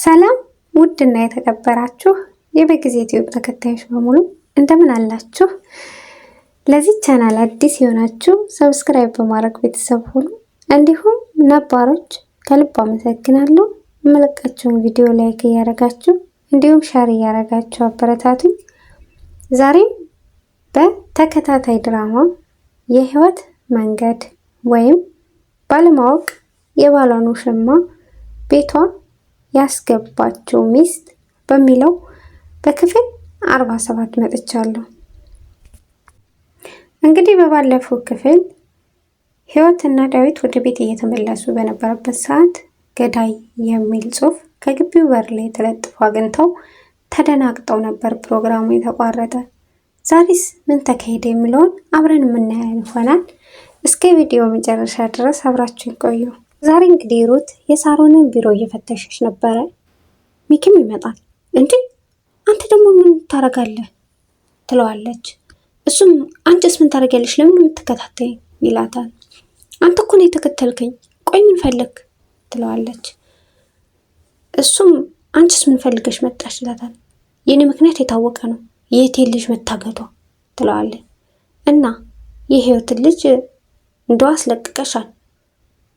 ሰላም ውድና የተከበራችሁ የበጊዜ ዩቲዩብ ተከታዮች በሙሉ እንደምን አላችሁ? ለዚህ ቻናል አዲስ የሆናችሁ ሰብስክራይብ በማድረግ ቤተሰብ ሁኑ። እንዲሁም ነባሮች ከልብ አመሰግናለሁ። የመለቃችሁን ቪዲዮ ላይክ እያደረጋችሁ እንዲሁም ሻር እያደረጋችሁ አበረታቱኝ። ዛሬም በተከታታይ ድራማ የህይወት መንገድ ወይም ባለማወቅ የባሏን ውሽማ ቤቷ ያስገባቸው ሚስት በሚለው በክፍል 47 መጥቻለሁ። እንግዲህ በባለፈው ክፍል ህይወት እና ዳዊት ወደ ቤት እየተመለሱ በነበረበት ሰዓት ገዳይ የሚል ጽሑፍ ከግቢው በር ላይ ተለጥፎ አግኝተው ተደናግጠው ነበር። ፕሮግራሙ የተቋረጠ ዛሬስ ምን ተካሄደ የሚለውን አብረን የምናየው ይሆናል። እስከ ቪዲዮ መጨረሻ ድረስ አብራችሁ ይቆዩ። ዛሬ እንግዲህ ሩት የሳሮንን ቢሮ እየፈተሸች ነበረ። ሚኪም ይመጣል። እንዴ አንተ ደግሞ ምን ታረጋለህ? ትለዋለች። እሱም አንቺስ ምን ታደርጊያለሽ? ለምን የምትከታተይ? ይላታል። አንተ እኮ ነው የተከተልከኝ። ቆይ ምን ፈለግ? ትለዋለች። እሱም አንቺስ ምን ፈልገሽ መጣሽ? ይላታል። የኔ ምክንያት የታወቀ ነው፣ የቴ ልጅ መታገቷ ትለዋለች። እና የህይወትን ልጅ እንደው አስለቅቀሻል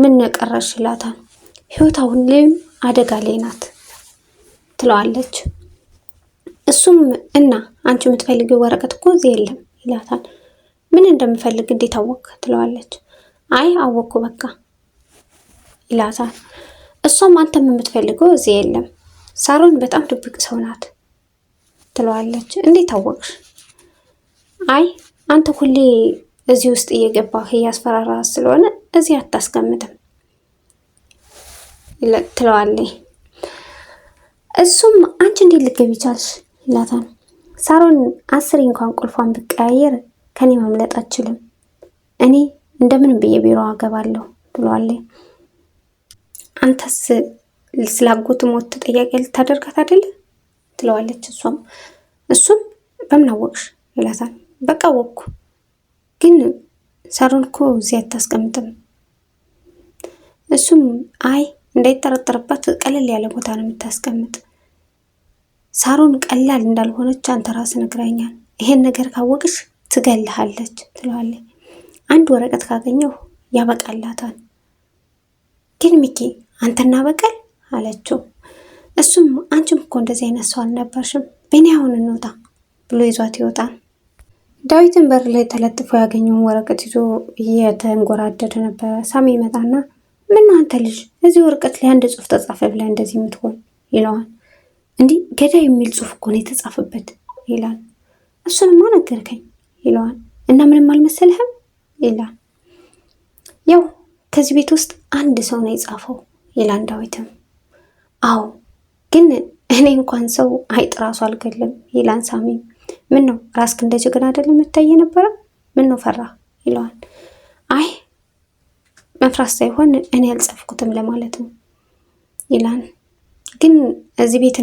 ምን ነቀረሽ ይላታል። ህይወት ሁሌም አደጋ ላይ ናት ትለዋለች። እሱም እና አንቺ የምትፈልጊው ወረቀት እኮ እዚህ የለም ይላታል። ምን እንደምፈልግ እንዴት አወቅ ትለዋለች። አይ አወቅኩ በቃ ይላታል። እሷም አንተም የምትፈልገው እዚህ የለም፣ ሳሮን በጣም ድብቅ ሰው ናት ትለዋለች። እንዴት አወቅሽ? አይ አንተ ሁሌ እዚህ ውስጥ እየገባህ እያስፈራራህ ስለሆነ እዚህ አታስቀምጥም ትለዋለች። እሱም አንቺ እንዴት ልትገቢ ቻልሽ ይላታል። ሳሮን አስሬ እንኳን ቁልፏን ብቀያየር ከኔ መምለጥ አችልም። እኔ እንደምንም ብዬ ቢሮ አገባለሁ ትለዋለች። አንተስ ስላጎት ሞት ተጠያቂ ልታደርጋት አይደል ትለዋለች። እሷም እሱም በምን አወቅሽ ይላታል። በቃ ወቅኩ ግን ሳሮን እኮ እዚያ አታስቀምጥም እሱም አይ እንዳይጠረጠርበት ቀለል ያለ ቦታ ነው የምታስቀምጥ። ሳሮን ቀላል እንዳልሆነች አንተ ራስ ነግረኛል። ይሄን ነገር ካወቅሽ ትገልሃለች ትለዋለች። አንድ ወረቀት ካገኘሁ ያበቃላታል። ግን ሚኪ አንተና በቀል አለችው። እሱም አንቺም እኮ እንደዚህ አይነት ሰው አልነበርሽም፣ በእኔ አሁን እንውጣ ብሎ ይዟት ይወጣል። ዳዊትን በር ላይ ተለጥፎ ያገኘውን ወረቀት ይዞ እየተንጎራደደ ነበረ። ሳሚ ይመጣና ምነው አንተ ልጅ እዚህ ወረቀት ላይ አንድ ጽሁፍ ተጻፈ ብላ እንደዚህ የምትሆን ይለዋል። እንዲህ ገዳ የሚል ጽሁፍ እኮ ነው የተጻፈበት ይላል። እሱንማ ነገርከኝ ይለዋል። እና ምንም አልመሰልህም ይላል። ያው ከዚህ ቤት ውስጥ አንድ ሰው ነው የጻፈው ይላል ዳዊትም። አዎ ግን እኔ እንኳን ሰው አይጥ ራሱ አልገልም ይላል ሳሚም። ምን ነው ራስክ እንደ ጀግና አይደል የምታይ የነበረ ምን ነው ፈራ ይለዋል። አይ መፍራት ሳይሆን እኔ ያልጻፍኩትም ለማለት ነው ይላል። ግን እዚህ ቤት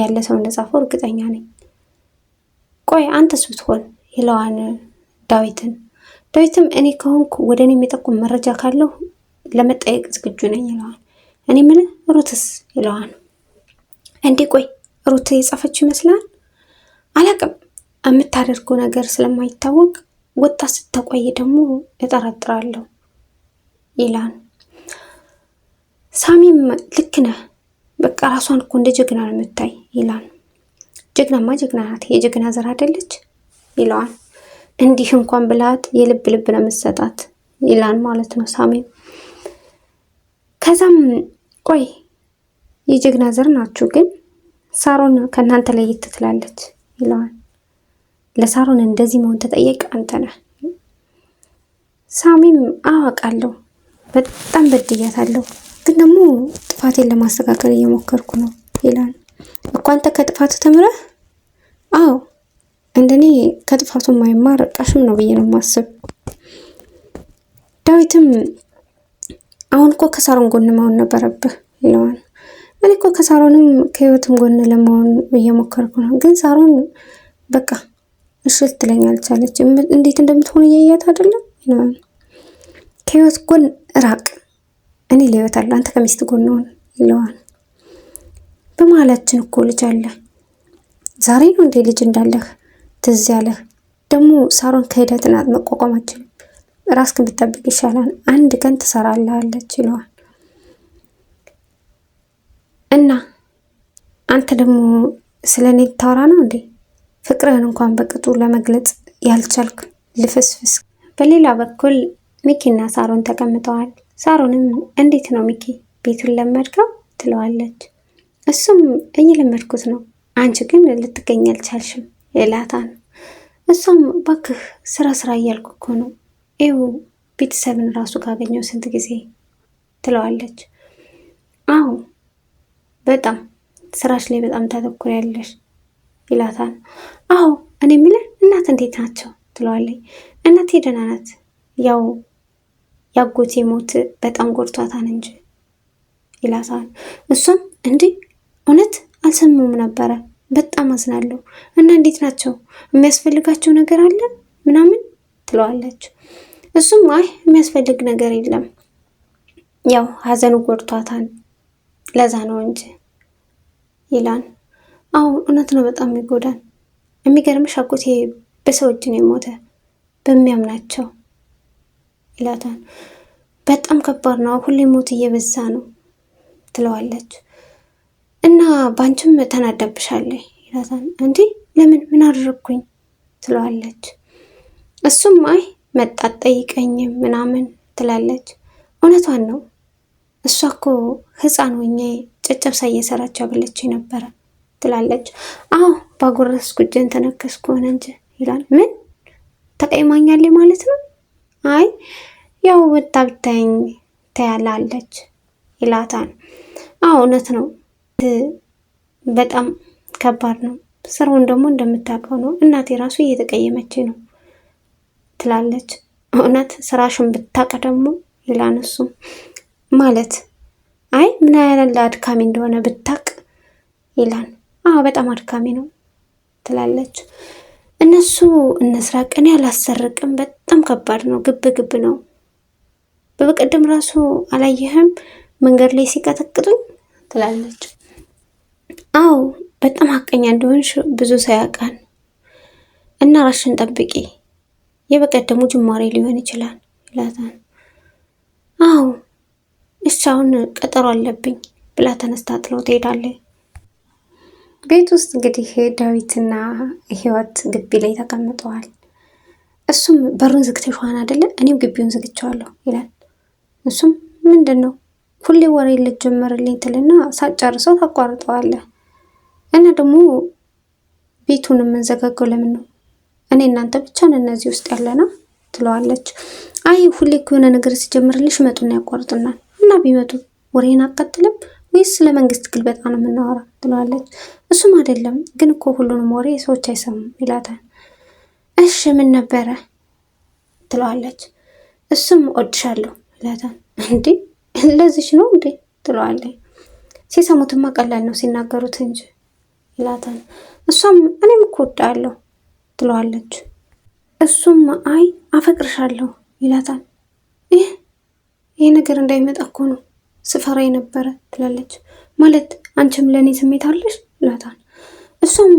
ያለ ሰው እንደጻፈው እርግጠኛ ነኝ። ቆይ አንተስ ብትሆን ይለዋን ዳዊትን። ዳዊትም እኔ ከሆንኩ ወደ እኔ የሚጠቁም መረጃ ካለው ለመጠየቅ ዝግጁ ነኝ ይለዋል። እኔ ምን ሩትስ ይለዋል። እንዴ ቆይ ሩት የጻፈችው ይመስላል አላቅም የምታደርገው ነገር ስለማይታወቅ ወጣ ስትቆይ ደግሞ እጠራጥራለሁ ይላል። ሳሚም ልክ ነህ፣ በቃ ራሷን እኮ እንደ ጀግና ነው የምታይ ይላል። ጀግናማ ጀግና ናት፣ የጀግና ዘር አይደለች ይለዋል። እንዲህ እንኳን ብላት የልብ ልብ ነው የምትሰጣት ይላል ማለት ነው ሳሚም። ከዛም ቆይ የጀግና ዘር ናችሁ፣ ግን ሳሮን ከእናንተ ለየት ትላለች ይለዋል። ለሳሮን እንደዚህ መሆን ተጠየቅ አንተ ነህ። ሳሚም አዋቃለሁ በጣም በድያታለሁ፣ ግን ደግሞ ጥፋቴን ለማስተካከል እየሞከርኩ ነው ይላል እኮ አንተ ከጥፋት ተምረህ። አዎ እንደኔ ከጥፋቱ ማይማር ቃሽም ነው ብዬ ነው ማስብ። ዳዊትም አሁን እኮ ከሳሮን ጎን መሆን ነበረብህ ይለዋል። እኔ እኮ ከሳሮንም ከህይወትም ጎን ለመሆን እየሞከርኩ ነው፣ ግን ሳሮን በቃ እሺ ልትለኝ አልቻለች። እንዴት እንደምትሆን እያያት አይደለም ይለዋል። ከህይወት ጎን ራቅ፣ እኔ አለሁ አንተ ከሚስት ጎን ሆን ይለዋል። በመሀላችን እኮ ልጅ አለ። ዛሬ ነው እንዴ ልጅ እንዳለህ ትዝ ያለህ? ደግሞ ሳሮን ክህደትን መቋቋም አችልም። ራስህን ብትጠብቅ ይሻላል፣ አንድ ቀን ትሰራላለች ይለዋል። እና አንተ ደግሞ ስለ እኔ ታወራ ነው እንዴ? ፍቅርህን እንኳን በቅጡ ለመግለጽ ያልቻልክ ልፍስፍስ። በሌላ በኩል ሚኪና ሳሮን ተቀምጠዋል። ሳሮንም እንዴት ነው ሚኪ ቤቱን ለመድከው ትለዋለች። እሱም እየለመድኩት ነው፣ አንቺ ግን ልትገኝ አልቻልሽም ይላታል። እሷም ባክህ ስራ ስራ እያልኩ እኮ ነው ይው ቤተሰብን ራሱ ካገኘው ስንት ጊዜ ትለዋለች። አዎ በጣም ስራሽ ላይ በጣም ያለሽ ይላታል። አዎ እኔ የምልህ እናት እንዴት ናቸው ትለዋለች። እናቴ ደህና ናት ያው ያጎቴ ሞት በጣም ጎድቷታል እንጂ ይላታል። እሱም እንዲህ እውነት አልሰሙም ነበረ፣ በጣም አዝናለሁ። እና እንዴት ናቸው? የሚያስፈልጋቸው ነገር አለ ምናምን ትለዋለች። እሱም አይ የሚያስፈልግ ነገር የለም፣ ያው ሀዘኑ ጎድቷታል ለዛ ነው እንጂ ይላል። አዎ እውነት ነው፣ በጣም ይጎዳል። የሚገርምሽ አጎቴ በሰው እጅ ነው የሞተ በሚያምናቸው ይላታል። በጣም ከባድ ነው፣ ሁሌ ሞት እየበዛ ነው ትለዋለች። እና በአንቺም ተናዳብሻለች ይላታል። እንዲህ ለምን ምን አደረግኩኝ ትለዋለች። እሱም አይ መጣ አትጠይቀኝም ምናምን ትላለች። እውነቷን ነው። እሷ እኮ ህፃን ሆኜ ጨጨብሳ እየሰራች አብለች ነበረ ትላለች። አዎ ባጎረስኩ እጄን ተነከስኩ ሆነ እንጂ ይላል። ምን ተቀይማኛለች ማለት ነው? አይ ያው ብታግተኝ ተያላለች ይላታል። አዎ እውነት ነው፣ በጣም ከባድ ነው። ስራውን ደግሞ እንደምታውቀው ነው። እናቴ ራሱ እየተቀየመች ነው ትላለች። እውነት ስራሽን ብታቅ ደግሞ ይላል እሱም ማለት አይ ምን ያህል አድካሚ እንደሆነ ብታቅ ይላል። አዎ በጣም አድካሚ ነው ትላለች። እነሱ እነስራ ቀን ያላሰርቅም በጣም ከባድ ነው፣ ግብ ግብ ነው በበቀደም ራሱ አላየህም መንገድ ላይ ሲቀጠቅጡኝ ትላለች። አዎ በጣም ሀቀኛ እንደሆንሽ ብዙ ሰው ያውቃል። እና ራሽን ጠብቂ፣ የበቀደሙ ጅማሬ ሊሆን ይችላል ይላታል። አዎ እሺ አሁን ቀጠሮ አለብኝ ብላ ተነስታ ጥለው ትሄዳለች። ቤት ውስጥ እንግዲህ ዳዊትና ህይወት ግቢ ላይ ተቀምጠዋል። እሱም በሩን ዝግተሽዋን አይደለ? እኔም ግቢውን ዝግቸዋለሁ ይላል። እሱም ምንድን ነው ሁሌ ወሬ ልትጀምርልኝ ትልና ሳጨርሰው ታቋርጠዋለህ። እና ደግሞ ቤቱን የምንዘጋገው ለምን ነው? እኔ እናንተ ብቻ ነን እነዚህ ውስጥ ያለና ትለዋለች። አይ ሁሌ እኮ የሆነ ነገር ሲጀምርልሽ መጡና ያቋርጡናል። እና ቢመጡ ወሬን አቀጥልም? ወይስ ስለ መንግስት ግልበጣ ነው የምናወራ? ትለዋለች። እሱም አይደለም ግን እኮ ሁሉንም ወሬ ሰዎች አይሰሙም ይላታል። እሺ ምን ነበረ? ትለዋለች። እሱም እወድሻለሁ ይላታል። እንዴ ለዚች ነው እንዴ ትለዋለች። ሲሰሙትማ ቀላል ነው ሲናገሩት እንጂ ይላታል። እሷም እኔም እኮ እወዳለሁ ትለዋለች። እሱም አይ አፈቅርሻለሁ ይላታል። ይህ ይህ ነገር እንዳይመጣ እኮ ነው ስፈራ የነበረ ትላለች። ማለት አንቺም ለእኔ ስሜት አለሽ ይላታል። እሷም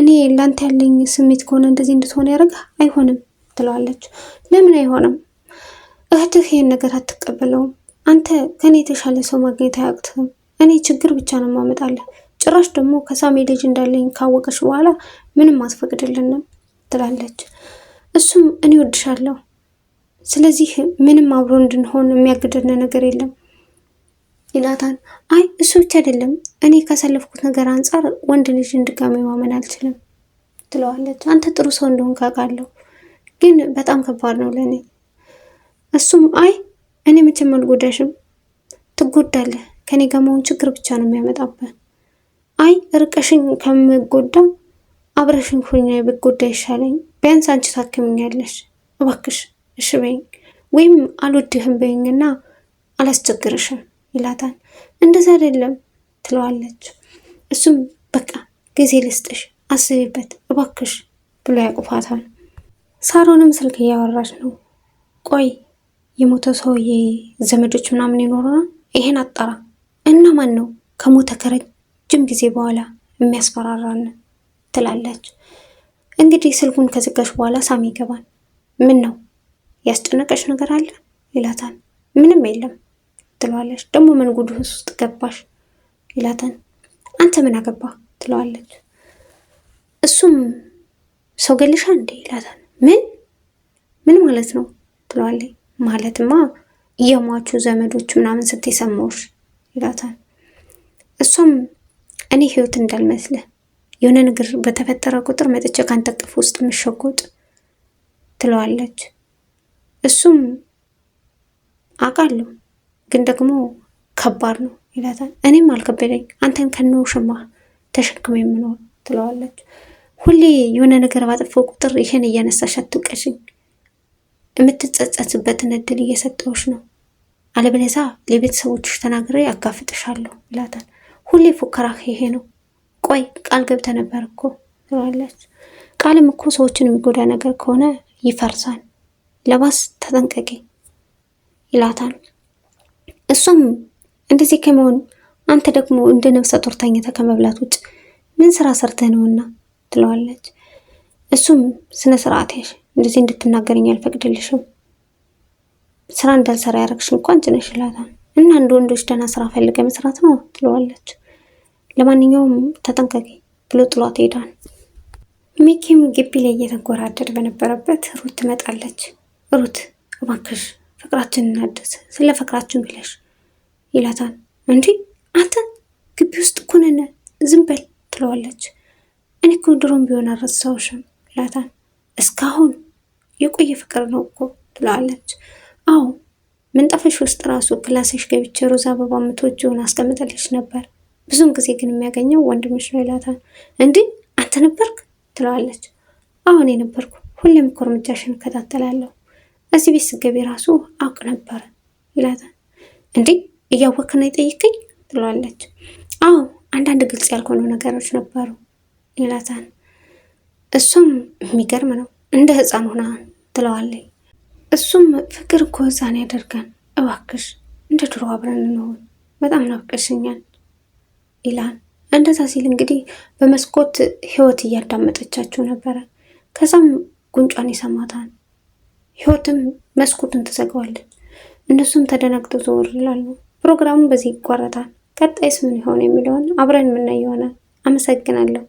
እኔ ለአንተ ያለኝ ስሜት ከሆነ እንደዚህ እንድትሆነ ያደርግ አይሆንም ትለዋለች። ለምን አይሆንም እህትህ ይህን ነገር አትቀበለውም። አንተ ከኔ የተሻለ ሰው ማግኘት አያቅትህም። እኔ ችግር ብቻ ነው ማመጣለህ። ጭራሽ ደግሞ ከሳሜ ልጅ እንዳለኝ ካወቀች በኋላ ምንም አስፈቅድልንም ትላለች። እሱም እኔ ወድሻለሁ፣ ስለዚህ ምንም አብሮ እንድንሆን የሚያግደን ነገር የለም ይላታል። አይ እሱ ብቻ አይደለም፣ እኔ ካሳለፍኩት ነገር አንጻር ወንድ ልጅን ድጋሜ ማመን አልችልም ትለዋለች። አንተ ጥሩ ሰው እንደሆን ካውቃለሁ፣ ግን በጣም ከባድ ነው ለእኔ እሱም አይ እኔ መቼም አልጎዳሽም፣ ትጎዳለህ። ከኔ ጋር መሆን ችግር ብቻ ነው የሚያመጣብህ። አይ ርቀሽኝ ከምጎዳ አብረሽኝ ሁኛ ብጎዳ ይሻለኝ። ቢያንስ አንቺ ታክምኛለሽ። እባክሽ እሽ በይኝ ወይም አልወድህም በይኝና አላስቸግርሽም ይላታል። እንደዛ አይደለም ትለዋለች። እሱም በቃ ጊዜ ልስጥሽ፣ አስቢበት እባክሽ ብሎ ያቁፋታል። ሳሮንም ስልክ እያወራች ነው። ቆይ የሞተ ሰውዬ ዘመዶች ምናምን ይኖረናል። ይሄን አጣራ እና ማን ነው ከሞተ ከረጅም ጊዜ በኋላ የሚያስፈራራን ትላለች። እንግዲህ ስልኩን ከዘጋች በኋላ ሳሚ ይገባል። ምን ነው ያስጨነቀች ነገር አለ ይላታል። ምንም የለም ትለዋለች። ደግሞ ምን ጉድህ ውስጥ ገባሽ ይላታል። አንተ ምን አገባ ትለዋለች። እሱም ሰው ገልሻ እንዴ ይላታል። ምን ምን ማለት ነው ትለዋለች። ማለትማ የሟቹ ዘመዶች ምናምን ስትይ ሰማሁሽ ይላታል። እሷም እኔ ህይወት እንዳልመስለ የሆነ ነገር በተፈጠረ ቁጥር መጥቼ ካንተ ቅፍ ውስጥ ምሸጎጥ ትለዋለች። እሱም አውቃለሁ ግን ደግሞ ከባድ ነው ይላታል። እኔም አልከበደኝ አንተን ከነ ውሽማ ተሸክመ የምኖር ትለዋለች። ሁሌ የሆነ ነገር ባጠፋው ቁጥር ይሄን እያነሳሽ አትውቀሽኝ የምትጸጸትበትን እድል እየሰጠዎች ነው። አለበለዛ ለቤተሰቦችሽ ተናግሬ አጋፍጥሻለሁ ይላታል። ሁሌ ፉከራህ ይሄ ነው። ቆይ ቃል ገብተ ነበር እኮ ትለዋለች። ቃልም እኮ ሰዎችን የሚጎዳ ነገር ከሆነ ይፈርሳል፣ ለባስ ተጠንቀቂ ይላታል። እሱም እንደዚህ ከመሆን አንተ ደግሞ እንደ ነፍሰ ጡር ከመብላት ውጭ ምን ስራ ሰርተ ነውና ትለዋለች። እሱም ስነ ስርዓት እንደዚህ እንድትናገረኝ አልፈቅድልሽም። ስራ እንዳልሰራ ያረግሽ እንኳን ጭነሽ ይላታል። እና እንደ ወንዶች ደህና ስራ ፈልገ መስራት ነው ትለዋለች። ለማንኛውም ተጠንቀቂ ብሎ ጥሏት ሄዳል ሚኪም ግቢ ላይ እየተጎራደድ በነበረበት ሩት ትመጣለች። ሩት እባክሽ ፍቅራችን እናድስ፣ ስለ ፍቅራችን ብለሽ ይላታል። እንዲ አንተ ግቢ ውስጥ እኮ ነን ዝም በል ትለዋለች። እኔ እኮ ድሮም ቢሆን አረሳሁሽም ይላታል። እስካሁን የቆየ ፍቅር ነው እኮ ትለዋለች። አዎ ምንጣፈሽ ውስጥ ራሱ ክላሴሽ ገብቼ ሮዝ አበባ ምቶችውን አስቀምጠልሽ ነበር፣ ብዙውን ጊዜ ግን የሚያገኘው ወንድምሽ ነው ይላታል። እንዲህ አንተ ነበርክ ትለዋለች። አሁን የነበርኩ ሁሌም እኮ እርምጃሽን እከታተላለሁ፣ እዚህ ቤት ስገቢ ራሱ አውቅ ነበር ይላታል። እንዲህ እያወክ ነው የጠይቀኝ ትለዋለች። አዎ አንዳንድ ግልጽ ያልሆኑ ነገሮች ነበሩ ይላታል። እሷም የሚገርም ነው እንደ ህፃን ሆና ትለዋለች። እሱም ፍቅር እኮ ህፃን ያደርጋን፣ እባክሽ እንደ ድሮ አብረን እንሆን፣ በጣም ናፍቀሽኛል ይላል። እንደዛ ሲል እንግዲህ በመስኮት ህይወት እያዳመጠቻቸው ነበረ። ከዛም ጉንጯን ይሰማታል። ህይወትም መስኮቱን ትዘጋዋለች። እነሱም ተደናግጠው ዘወር ይላሉ። ፕሮግራሙ በዚህ ይቋረጣል። ቀጣይስ ምን ይሆን የሚለውን አብረን የምናይ ይሆናል። አመሰግናለሁ።